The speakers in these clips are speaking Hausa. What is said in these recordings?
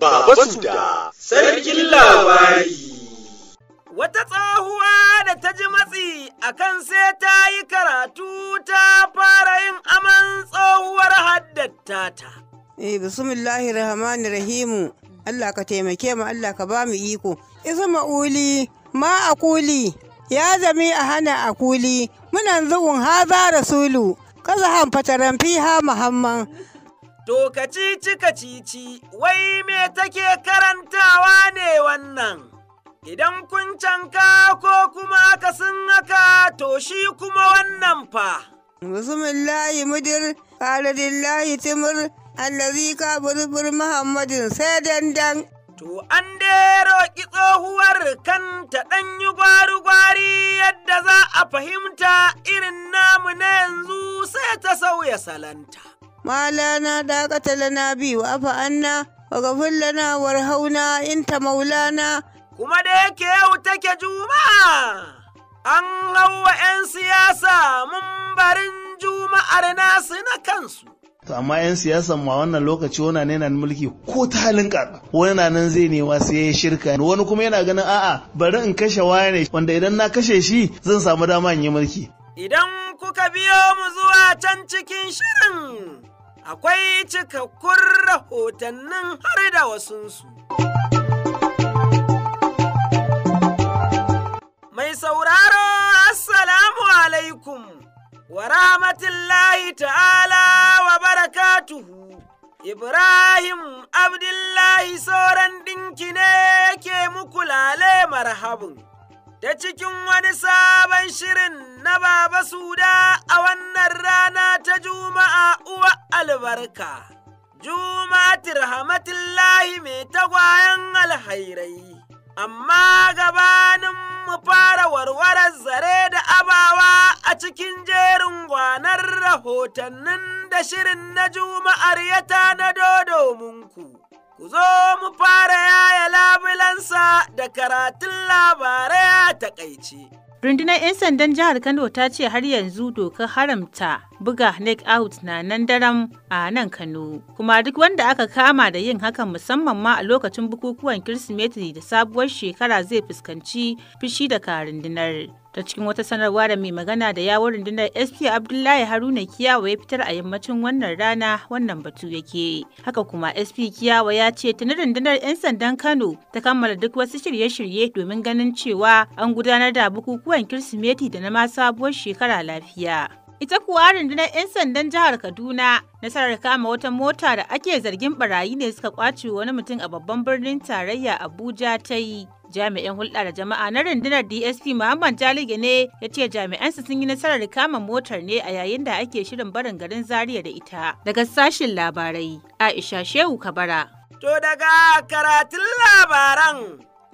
Baba Suda, Sarkin Labari. Wata tsohuwa da ta ji matsi a kan sai ta yi karatu ta fara yin aman tsohuwar haddata ta. Eh, bismillahir rahimu. Allah ka taimake mu Allah ka ba mu iko. Isa ma'uli, ma akuli, ya zami a hana akuli, munan zuwun haza rasulu, kaza han fataran fiha muhamman. To kacici kacici wai me take karantawa ne wannan? Idan kun canka ko kuma aka sun haka to shi kuma wannan fa. Bismillahi mudir, aladillahi timur, allazi ka burbur Muhammadin sai dandan. To an dai roƙi tsohuwar kan ta ɗan yi gwari-gwari yadda za a fahimta irin namu na yanzu sai ta sauya salanta. ما لنا طاقة لنا به واعف عنا واغفر لنا وارحمنا أنت مولانا kuma da yake yau take juma'a an hawa 'yan siyasa mumbarin juma'ar nasu na kansu amma 'yan siyasan ma wannan lokaci wani ne na mulki ko ta halin kaka wani na nan zai nema sai ya shirka wani kuma yana ganin a'a bari in kashe waya ne wanda idan na kashe shi zan samu dama in yi mulki Idan kuka biyo mu zuwa can cikin shirin akwai cikakkun rahotannin har da wasunsu. Mai sauraro Assalamu alaikum wa rahmatullahi ta'ala wa barakatuhu. Ibrahim Abdullahi sauran dinki ne ke muku lale marhabin. da cikin wani sabon shirin na Baba Suda a wannan rana ta Juma'a uwa albarka. Juma'atir Hamatullahi mai tagwayen alhairai, amma gabanin mu fara warwarar zare da abawa a cikin jerin gwanar rahotannin da shirin na Juma'ar ya tanado domin ku. ku zo mu fara yaya labulansa da karatun labarai a takaice. Rundunar 'yan sandan jihar Kano ta ce har yanzu dokar haramta buga neck out na nan daren a nan Kano. Kuma duk wanda aka kama da yin hakan musamman ma a lokacin bukukuwan Kirsimeti da sabuwar shekara zai fuskanci fushi daga rundunar. ta cikin wata sanarwa da mai magana da yawon rundunar sp abdullahi haruna kiyawa ya fitar a yammacin wannan rana wannan batu yake haka kuma sp kiyawa ya ce tuni rundunar 'yan sandan kano ta kammala duk wasu shirye-shirye domin ganin cewa an gudanar da bukukuwan kirsimeti da na ma sabuwar shekara lafiya ita kuwa rundunar 'yan sandan jihar kaduna nasarar kama wata mota da ake zargin barayi ne suka kwace wani mutum a babban birnin tarayya abuja ta yi jami'in hulɗa da jama'a na rundunar dsp muhammad jalige ne ya ce jami'ansa sun yi nasarar kama motar ne a yayin da ake shirin barin garin zaria da ita daga sashin labarai aisha shehu kabara to daga karatun labaran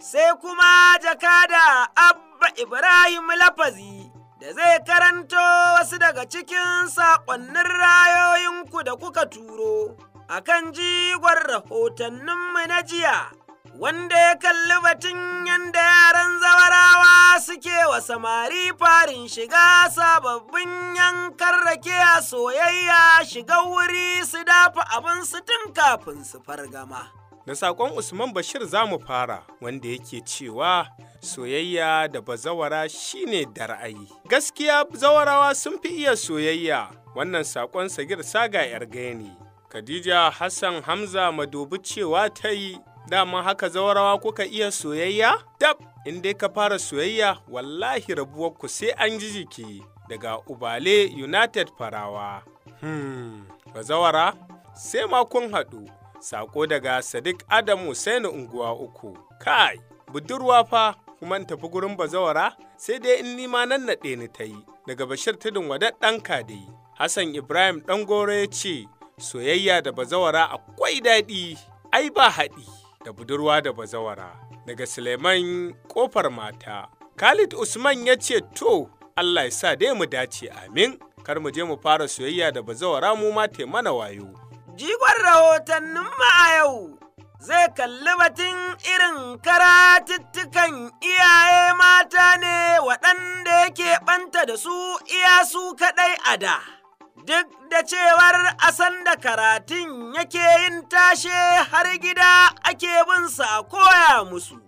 sai kuma jakada abba ibrahim lafazi da zai karanto wasu daga cikin saƙonnin rayoyinku da kuka turo akan jigon rahotanninmu na jiya wanda ya kalli batun yadda yaran zawarawa suke wa samari farin shiga sababbin yankar rake a soyayya shiga wuri su dafa abin su tun kafin su fargama. Da saƙon Usman Bashir za mu fara wanda yake cewa soyayya da bazawara shine da ra'ayi. Gaskiya zawarawa sun fi iya soyayya wannan saƙon Sagir Saga 'yar gani. Khadija Hassan Hamza madubi cewa ta yi dama haka zawarawa kuka iya soyayya? Dab, in dai ka fara soyayya wallahi rabuwar ku sai an ji jiki daga Ubale United Farawa. Hmm, bazawara, sai ma kun haɗu, sako daga Sadiq Adam Hussein unguwa uku. Kai, budurwa fa kuma tafi gurin bazawara sai dai in nima nan naɗe ni ta yi daga Bashir Tudun wadat ɗan kadi. Hassan Ibrahim Ɗangoro ya ce, soyayya da bazawara akwai daɗi, ai ba haɗi. da budurwa da bazawara daga Suleiman kofar mata. Khalid Usman ya ce to Allah ya sa dai mu dace amin kar mu je mu fara soyayya da bazawara mu ma mana wayo. Jigon rahotannin ma a yau zai kalli batun irin karatuttukan iyaye mata ne waɗanda yake ɓanta da su iya su kaɗai a da. duk da cewar a da karatun yake yin tashe har gida ake binsa a koya musu.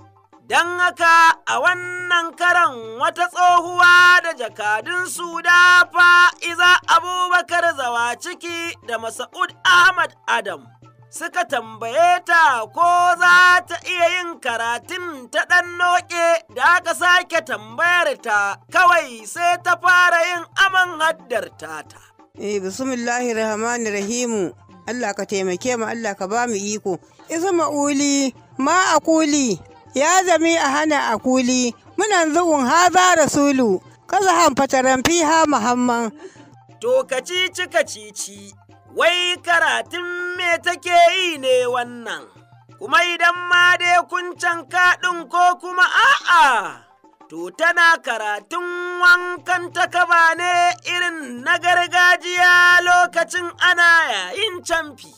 Don haka a wannan karan wata tsohuwa da jakadun su faiza iza abubakar zawa ciki da Masa'ud Ahmad Adam. Suka tambaye ta ko za ta iya yin karatun ta ɗan noƙe da aka sake tambayar ta kawai sai ta fara yin aman haddar ta. Eh bismillahir rahmanir rahim. Allah ka taimake mu Allah ka ba mu iko. uli ma akuli ya zami a hana akuli munan zuwan haza rasulu kaza han fataran fiha muhamman. To kacici kacici wai karatun me take yi ne wannan. Kuma idan ma dai kun can kaɗin ko kuma a'a, to tana karatun wankan takaba ne irin na gargajiya lokacin ana yayin camfi.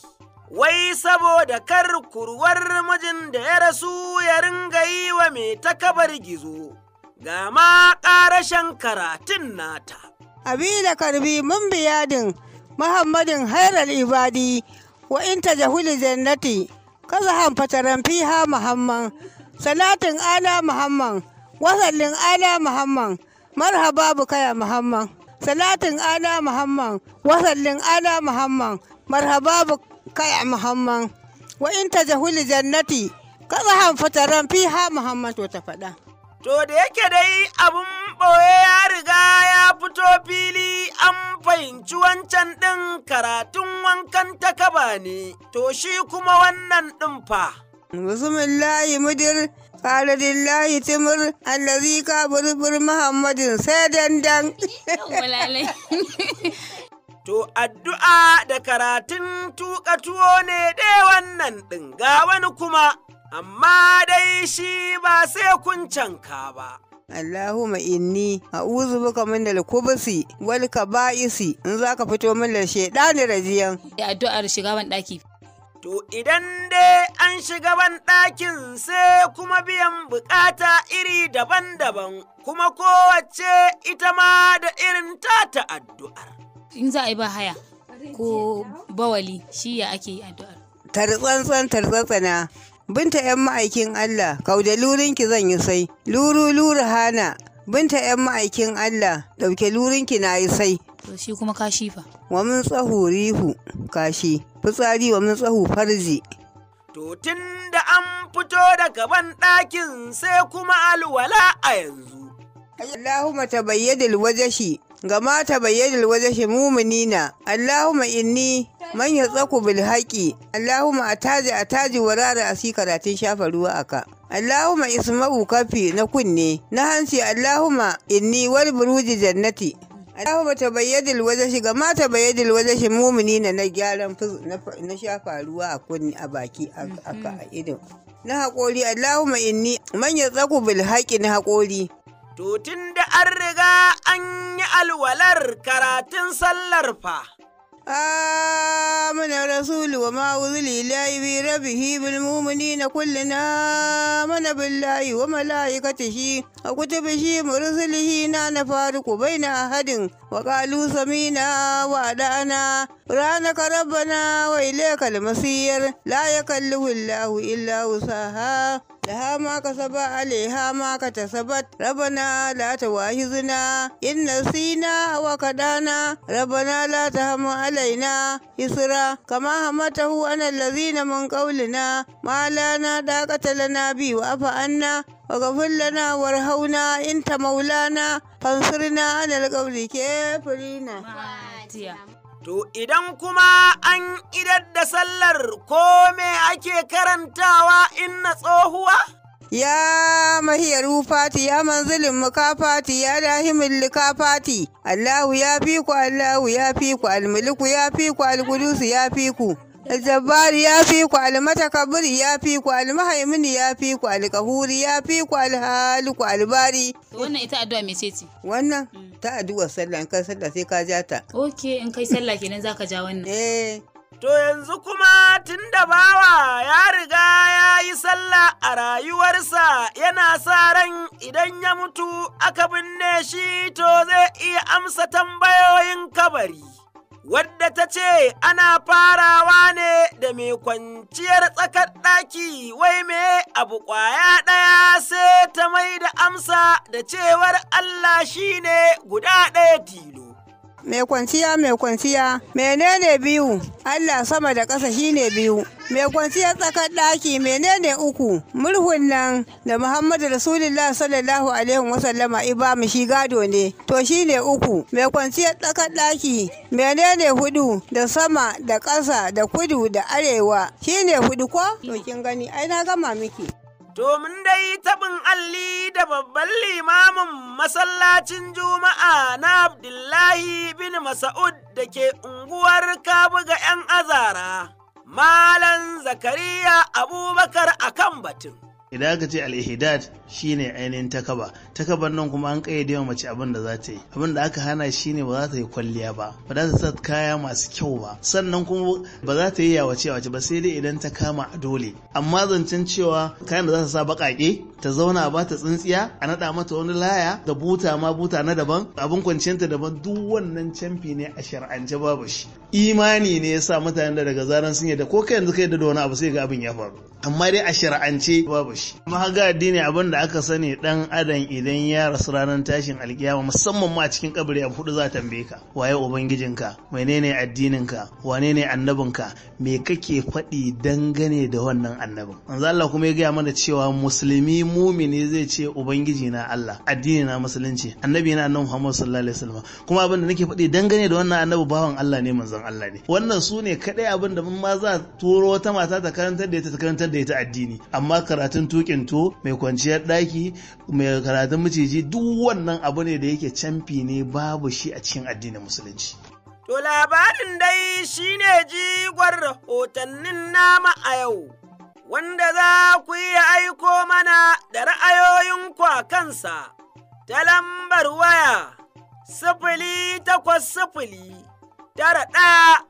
Wai saboda kar kurwar mijin da ya rasu ya ringa yi wa mai takabar gizo, ga ma ƙarashen karatun nata. Abi da karbi mun biyadin Muhammadin Hairar Ibadi wa inta jahuli jannati kaza han fataran fiha Muhammad salatin ala Muhammad wasallin ala Muhammad marhaba bukaya muhammad salatin ana muhammad wasallin ana muhammad marhaba bukaya muhammad wa in ta jahuli jannati kazahan fataran fiha muhammad to ta faɗa to da yake dai abun ɓoye ya riga ya fito fili an fahimci wancan ɗin karatun wankan ta kaba ne to shi kuma wannan ɗin fa bismillahi mudir قال لله تمر الذي كابر بر محمد To addu'a da karatun tuka tuwo ne dai wannan ɗin ga wani kuma, amma dai shi ba sai kun canka ba. Allahumma inni uzu buka min al-khubusi wal ba'isi in za ka fito min da shedani rajiyan. Da addu'ar shiga ban ɗaki. To idan dai an shiga ban ɗakin sai kuma biyan bukata iri daban-daban kuma kowace ita ma da irin tata addu'ar. In za a yi ba haya ko bawali shi ya ake yi addu'ar. Tartsantsan tartsantsana binta 'yan ma'aikin Allah kauda lurinki zan yi sai luru luru hana binta 'yan ma'aikin Allah ɗauke lurinki na yi sai to shi kuma kashi fa wa mun tsahu rihu kashi fitsari wa mun tsahu farzi to tun da an fito daga ban ɗakin sai kuma alwala a yanzu Allahumma tabayyadil wajashi gama tabayyadil wajashi muminina Allahumma inni man ya tsaku bil haqi Allahumma ataji ataji warara asi karatun shafa ruwa aka Allahumma ismahu kafi na kunne na hansi Allahumma inni wal buruji jannati Allahumma tabayyadil wajashi ga ma tabayyadil na gyaran na shafa ruwa a kunni a baki a idon. Na haƙori ma inni man ya tsaku bil haƙi na haƙori. To tun da an riga an yi alwalar karatun sallar fa. آمن الرسول وما أنزل إليه من ربه بالمؤمنين كلنا آمن بالله وملائكته وكتبه ورسله لا نفارق بين أحد وقالوا سمينا وأدعنا رانك ربنا وإليك المصير لا يكلف الله إلا وسعها da hama ka saba ale hama ka ta sabat rabana la ta wahi zina inna sina wa kadana rabana la ta hama alaina isra kama hamata hu ana lazina min qawlina malana da katalana bi wa afa anna waghfir lana warhauna anta maulana fansurna ala alqawli kafirina ma'atiya To idan kuma an idar da sallar ko me ake karantawa in na tsohuwa? Ya mahiyaru fati ya manzilin Fati, ya dahimin Fati. Allahu ya fi ku, Allahu ya fi ku, almiliku ya fi ku, alkudusu ya fi ku. ya fi kwali, الجبار يا فيك المتكبر يا فيك المهيمن يا فيك القهور يا فيك الهالك الباري wannan ita addu'a mai ceci. wannan mm. ta addu'a sallah in kai sallah sai ka ja ta okay in kai sallah kenan za ka ja wannan eh To yanzu kuma tun da bawa ya riga ya yi sallah a rayuwarsa yana sa ran idan ya mutu aka binne shi to zai iya amsa tambayoyin kabari. wadda ta ce ana farawa ne da mai kwanciyar tsakar ɗaki wai me abu kwaya ɗaya sai ta mai da amsa da cewar Allah shine guda ɗaya tilo. mai kwanciya mai kwanciya menene biyu Allah sama da ƙasa shine biyu mai kwanciyar tsakar ɗaki menene uku murhun nan da Muhammadu Rasulullah sallallahu alaihi wasallama iba mu shi gado ne to shine uku mai kwanciyar tsakar ɗaki menene hudu da sama da ƙasa da kudu da arewa shine hudu ko to kin gani ai na gama miki domin dai taɓin alli da babban limamin masallacin juma'a na abdullahi bin Mas'ud da ke unguwar Kabu ga 'yan azara malam zakariya abubakar akan batun idan aka ce al shine ainihin takaba takaban nan kuma an kayyade wa mace abin da za ta yi abin da aka hana shine ba za ta yi kwalliya ba ba za ta sa kaya masu kyau ba sannan kuma ba za ta yi yawace wace ba sai dai idan ta kama a dole amma zancen cewa kayan da za ta sa baƙaƙe ta zauna ba ta tsintsiya a naɗa mata wani laya da buta ma buta na daban abin kwanciyarta daban duk wannan camfi ne a shar'ance babu shi imani ne ya sa mutane da daga zaran sun yadda ko kai yanzu kai da wani abu sai ga abin ya faru amma dai a shar'ance babu shi mahagadi addini abin da aka sani dan adam idan ya rasu ranar tashin alkiyama musamman ma a cikin kabari abu hudu za tambaye ka waye ubangijinka menene addininka wane ne annabinka me kake faɗi dangane da wannan annabin manzo Allah kuma ya gaya mana cewa musulmi mumini zai ce ubangiji na Allah addini na musulunci annabi na annabi Muhammad sallallahu alaihi wasallam kuma abin da nake faɗi dangane da wannan annabi bawan Allah ne manzon Allah ne wannan su ne kadai abin da ma za turo wata mata ta karantar da ita ta karantar da ita addini amma karatun kintu mai kwanciyar ɗaki mai karatun maciji duk wannan abu ne da yake canfi ne babu shi a cikin addinin musulunci. To labarin dai ne jigon rahotannin nama a yau. Wanda za ku iya aiko mana da ra'ayoyin a kansa ta lambar waya sifili takwas sifili tara ɗaya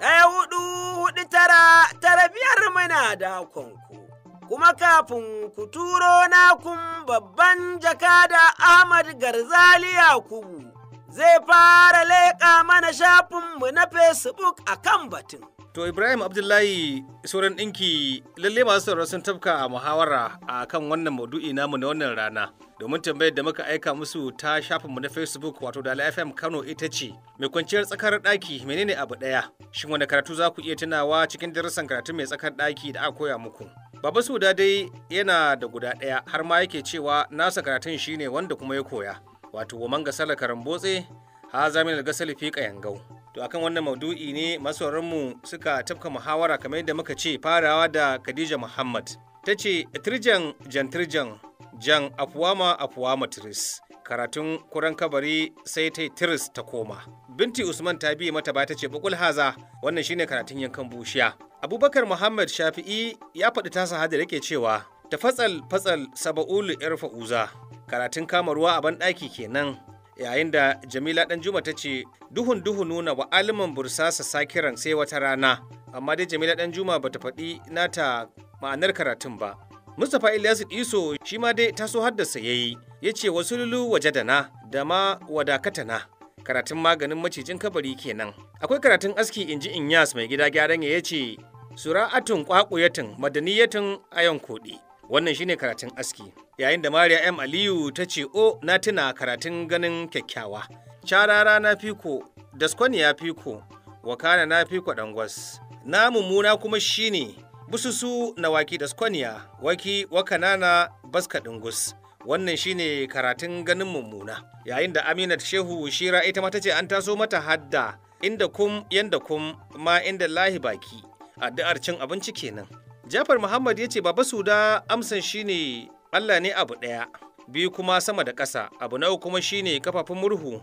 ɗaya hudu hudu tara tara biyar muna dakonku. kuma kafin ku turo nakun babban jakada Ahmad Garzali Yakubu zai fara leƙa mana shafinmu na Facebook a kan batun. To Ibrahim Abdullahi sauran ɗinki lalle masu sauran sun tafka a muhawara a kan wannan maudu'i namu na wannan rana. domin tambayar da muka aika musu ta shafinmu na facebook wato da fm kano ita ce mai kwanciyar tsakar ɗaki menene abu ɗaya shin wani karatu za ku iya tunawa cikin darasan karatu mai tsakar ɗaki da aka koya muku baba suda dai yana da guda ɗaya har ma yake cewa nasa karatun shine wanda kuma ya koya wato woman karan karambotse ha zamin gasali fi kayangau to akan wannan maudu'i ne masoranmu suka tafka muhawara kamar yadda muka ce farawa da khadija muhammad ta ce tirjan tirjan! jan afuwama afuwama tiris karatun kuran kabari sai ta tiris ta koma binti usman ta biye mata bata ce bakul haza wannan shine karatun yankan bushiya abubakar muhammad shafi'i ya faɗi tasa hada yake cewa ta fatsal fatsal saba'ul uza karatun kama ruwa a banɗaki kenan yayin da jamila dan juma ta ce duhun duhu nuna wa aliman bursasa sakiran sai wata rana amma dai jamila dan juma bata faɗi nata ma'anar karatun ba Mustapha Ilyasu Iso shi ma dai taso haddasa yayi ya ce wasu lulu waje da na da ma wadakatana karatun maganin macijin kabari kenan. Akwai karatun aski inji Inyas mai gida gyaran ya ce sura'atun kwakuyatun madaniyatin ayon kuɗi. Wannan shine karatun aski. Yayin da Mariya M Aliyu ta ce o na tuna karatun ganin kyakkyawa. Charara na fiko, daskwani ya fiko, wakana na fiko dangwas. Na mummuna kuma shine bususu na waki da skwaniya waki wakanana baska dungus wannan shine karatun ganin mummuna yayin da aminat shehu shira ita ma ce an taso mata hadda inda kum yanda kum ma inda lahi baki addu'ar cin abinci kenan jafar muhammad ya ce baba suda amsan shine allah ne abu ɗaya biyu kuma sama da ƙasa abu na kuma shine kafafun murhu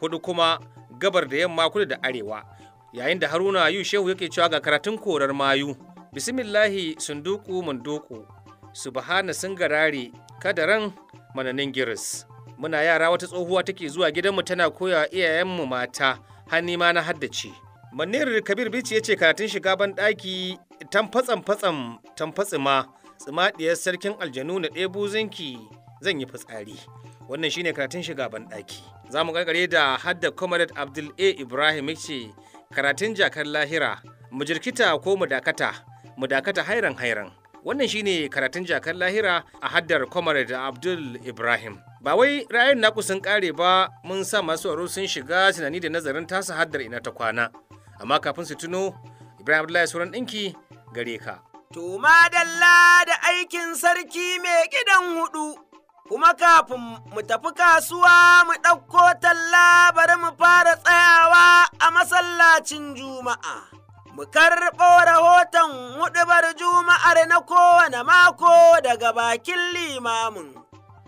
hudu kuma gabar da yamma kudu da arewa yayin da haruna yu shehu yake cewa ga karatun korar mayu bismillahi sunduku munduku subhana sungarari kadaran mananin giris muna yara wata tsohuwa take zuwa gidanmu tana koya iyayenmu mata hannu ma na haddace manir kabir bici ce karatun shiga ban ɗaki tan fatsan fatsan tan fatsima diyar sarkin aljanu na ɗebu zinki zan yi fitsari wannan shine karatun shiga ban ɗaki za mu karkare da hadda comrade abdul a ibrahim ya ce karatun jakar lahira mu jirkita ko mu dakata mu dakata hairan hairan wannan shine karatun jakar lahira a haddar comrade abdul ibrahim ba wai ra'ayin naku sun kare ba mun sa masu waro sun shiga tunani da nazarin tasa haddar ina ta kwana amma kafin su tuno ibrahim abdullahi sauran ɗinki gare ka to madalla da aikin sarki mai gidan hudu kuma kafin mu tafi kasuwa mu ɗauko talla bari mu fara tsayawa a masallacin juma'a. Mu karɓo rahoton huɗubar Juma'ar na kowane mako daga bakin limamin,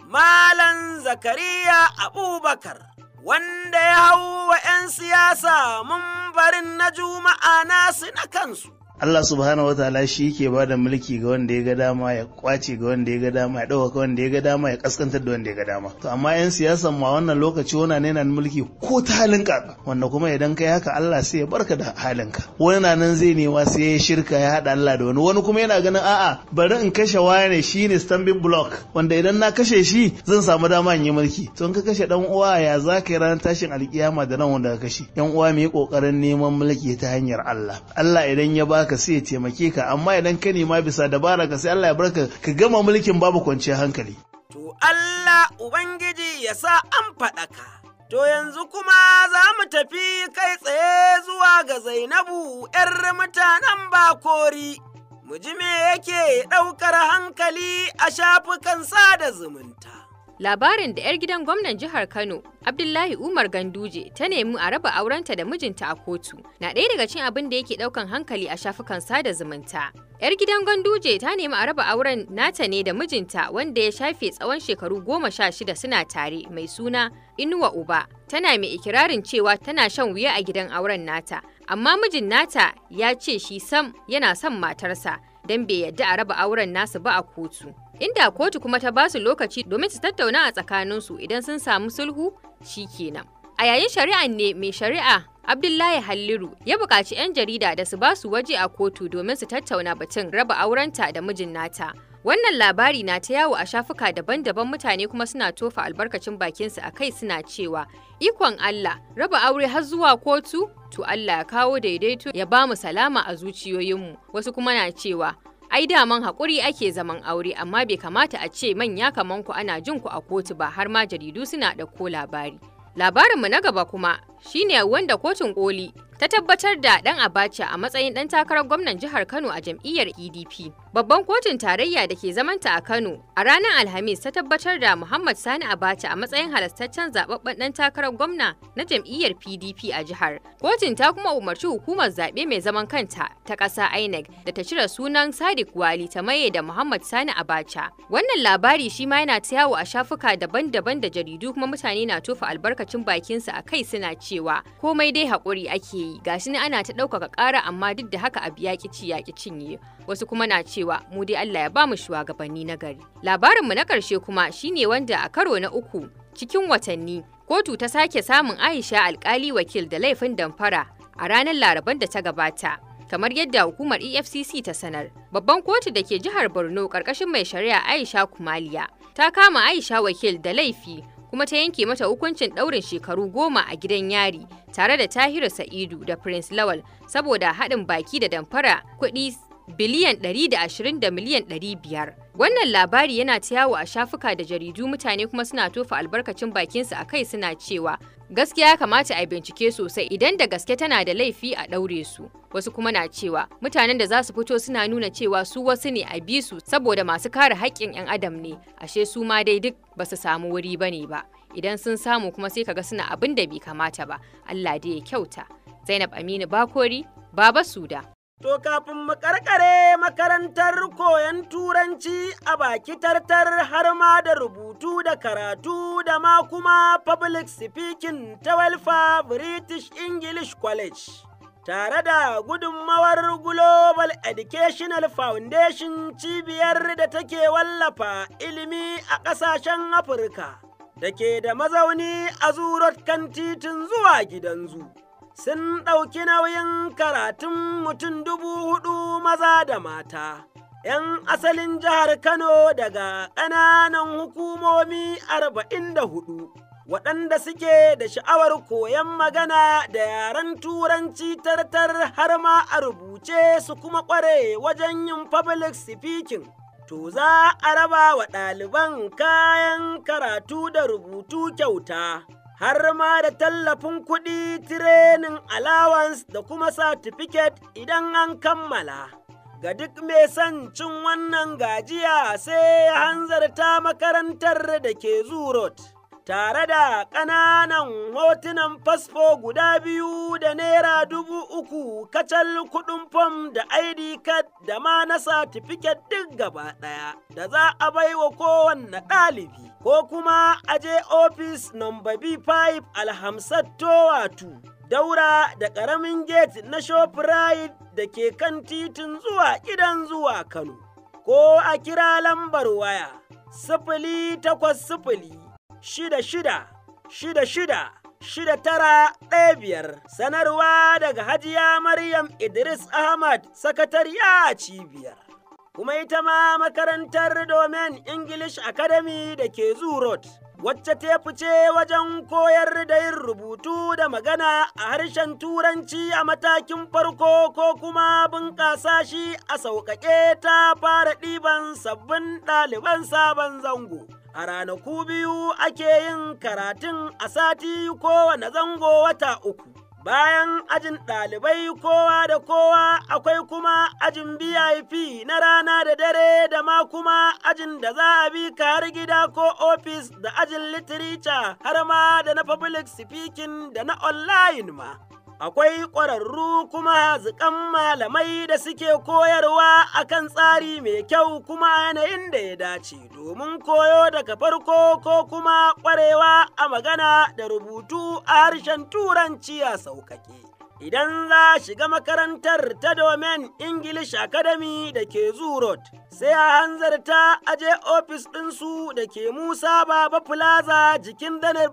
Malam Zakariya Abubakar. wanda ya hau wa 'yan siyasa mun barin na juma'a nasu na kansu. Allah subhanahu wataala shi yake ba da mulki ga wanda ya ga dama ya kwace ga wanda ya ga dama ya ɗaukaka wanda ya ga dama ya kaskantar da wanda ya ga dama to amma yan siyasan ma wannan lokaci wana ne na mulki ko ta halin ka wanda kuma idan kai haka Allah sai ya barka da halin ka wani na nan zai nema sai ya shirka ya haɗa Allah da wani wani kuma yana ganin a'a bari in kashe wane ne standing block wanda idan na kashe shi zan samu dama in yi mulki to in ka kashe dan uwa ya za ka yi ranar tashin alkiyama da nan wanda ka kashe yan uwa mai yi kokarin neman mulki ta hanyar Allah Allah idan ya ba baka sai ya taimake ka amma idan ka nema bisa dabara ka sai Allah ya barka ka gama mulkin babu kwanciyar hankali to Allah ubangiji ya sa an faɗaka To yanzu kuma za mu tafi kai tsaye zuwa ga Zainabu ‘yar mutanen Bakori, mu ji me yake ɗaukar hankali a shafukan sada zumunta. labarin da 'yar gidan gwamnan jihar Kano Abdullahi Umar Ganduje ta nemi a raba aurenta da mijinta a kotu na ɗaya daga cin abin da yake ɗaukan hankali a shafukan sada zumunta. 'Yar gidan Ganduje ta nemi a raba auren nata ne da mijinta wanda ya shafe tsawon shekaru goma sha shida suna tare mai suna Inuwa Uba. Tana mai ikirarin cewa tana shan wuya a gidan auren nata, amma mijin nata ya ce shi sam yana son matarsa don bai yadda a raba auren nasu ba a kotu. inda kotu kuma ta basu lokaci domin su tattauna a tsakaninsu idan sun samu sulhu shi kenan. A yayin shari'a ne mai shari'a Abdullahi Halliru ya buƙaci 'yan jarida da su basu waje a kotu domin su tattauna batun raba aurenta da mijin nata. Wannan labari na ta yawo a shafuka daban-daban mutane kuma suna tofa albarkacin bakinsu a kai suna cewa ikon Allah raba aure har zuwa kotu to Allah ya kawo daidaito ya ba mu salama a zuciyoyinmu wasu kuma na cewa ai da man hakuri ake zaman aure amma bai kamata a ce manya kaman ku ana jin ku a kotu ba har ma jaridu suna ɗauko labari. Labarinmu na gaba kuma shine wanda kotun koli ta tabbatar da dan abacha a matsayin dan takarar gwamnan jihar kano a jam'iyyar edp babban kotun tarayya da ke zamanta a kano a ranar alhamis ta tabbatar da muhammad sani abacha a matsayin halastaccen zababben dan takarar gwamna na jam'iyyar pdp a jihar kotun ta kuma umarci hukumar zaɓe mai zaman kanta ta ƙasa inec da ta cire sunan sadiq wali ta maye da muhammad sani abacha wannan labari shi ma yana ta yawo a shafuka daban-daban da jaridu kuma mutane na tofa albarkacin bakinsa a kai suna ci cewa komai dai haƙuri ake yi gashi ne ana ta ɗaukaka ƙara amma duk da haka abu yaƙi ci yaƙi cinye wasu kuma na cewa mu dai Allah ya ba mu shugabanni na gari labarinmu na ƙarshe kuma shine wanda a karo na uku cikin watanni kotu ta sake samun Aisha alkali wakil da laifin damfara a ranar Laraban da ta gabata kamar yadda hukumar efcc ta sanar babban kotu da ke jihar borno karkashin mai shari'a aisha kumaliya ta kama aisha wakil da laifi kuma ta yanke mata hukuncin ɗaurin shekaru goma a gidan yari tare da Tahiru Sa'idu da Prince Lawal saboda haɗin baki da damfara kuɗi biliyan 120 da miliyan 500. Wannan labari yana ta a shafuka da jaridu mutane kuma suna tofa albarkacin bakinsu a kai suna cewa gaskiya kamata a bincike sosai idan da gaske tana da laifi a ɗaure su. Wasu kuma na cewa mutanen da za su fito suna nuna cewa su wasu ne a bi su saboda masu kare haƙƙin 'yan adam ne ashe su ma dai duk ba su samu wuri ba ne ba. Idan sun samu kuma sai kaga suna abin da bai kamata ba. Allah dai ya kyauta. Zainab Aminu Bakori, Baba Suda. To kafin mu karkare makarantar koyon turanci a baki tartar har ma da rubutu da karatu da ma kuma public speaking ta Welfa British English College. Tare da gudunmawar Global Educational Foundation cibiyar da take wallafa ilimi a ƙasashen Afirka, da ke da mazauni a zurot kan titin zuwa gidanzu sun ɗauki nauyin karatun mutum dubu hudu maza da mata. 'Yan asalin jihar Kano daga ƙananan hukumomi arba'in da hudu. waɗanda suke da sha'awar koyon magana da yaren turanci tartar har ma a rubuce su kuma ƙware wajen yin public speaking. To za a raba wa ɗaliban kayan karatu da rubutu kyauta. har ma da tallafin kuɗi tirenin allowance da kuma satifiket idan an kammala. Ga duk mai son cin wannan gajiya sai ya hanzarta makarantar da ke Zoo Road. tare da ƙananan hotunan fasfo guda biyu da naira dubu uku kacal kuɗin fom da id card da ma na satifiket duk gaba ɗaya da za a bai wa kowanne ɗalibi ko kuma a je ofis number b5 alhamsat towatu daura da ƙaramin gate na shoprite da ke kan titin zuwa gidan zuwa kano ko a kira lambar waya sifili takwas sifili shida shida shida shida shida tara ɗaya biyar sanarwa daga hajiya maryam idris ahmad sakatariya a cibiyar kuma ita ma makarantar domin english academy da ke zoo wacce ta fice wajen koyar da yin rubutu da magana a harshen turanci a matakin farko ko kuma bunƙasa shi a sauƙaƙe ta fara ɗiban sabbin ɗaliban sabon zango. A ranaku biyu ake yin karatun a sati kowane zango wata uku. Bayan ajin ɗalibai kowa da kowa akwai kuma ajin BIP na rana da dare da ma kuma ajin da za a bi ka har gida ko ofis da ajin literature har ma da na public speaking da na online ma. akwai ƙwararru kuma zikan malamai da suke koyarwa akan tsari mai kyau kuma yanayin da ya dace domin koyo daga farko ko kuma ƙwarewa a magana da rubutu a harshen turanci a sauƙaƙe. Idan za shiga makarantar ta domin English Academy da ke Zoo sai a hanzarta aje ofis ɗinsu da ke Musa Baba Plaza jikin Danar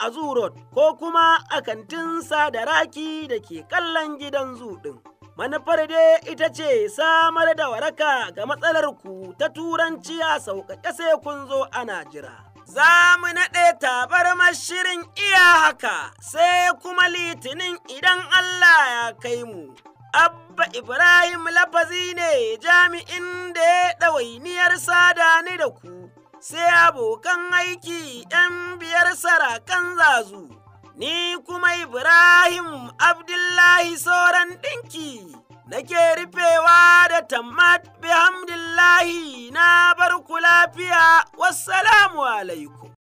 a Zoo Road ko kuma a kantin Sadaraki da ke kallon gidan zoo ɗin. Manufar dai ita ce samar da waraka ga matsalar ku ta turanci a sauƙaƙe sai kun zo ana jira. za mu naɗe tabarmar shirin iya haka sai kuma litinin idan Allah ya kai mu. Abba Ibrahim lafazi ne jami'in da ya ɗawainiyar sada ni da ku, sai abokan aiki ‘yan biyar sarakan zazu, ni kuma Ibrahim Abdullahi sauran ɗinki. Nake rufewa da tammat bihamdillahi na ku lafiya, wassalamu alaikum.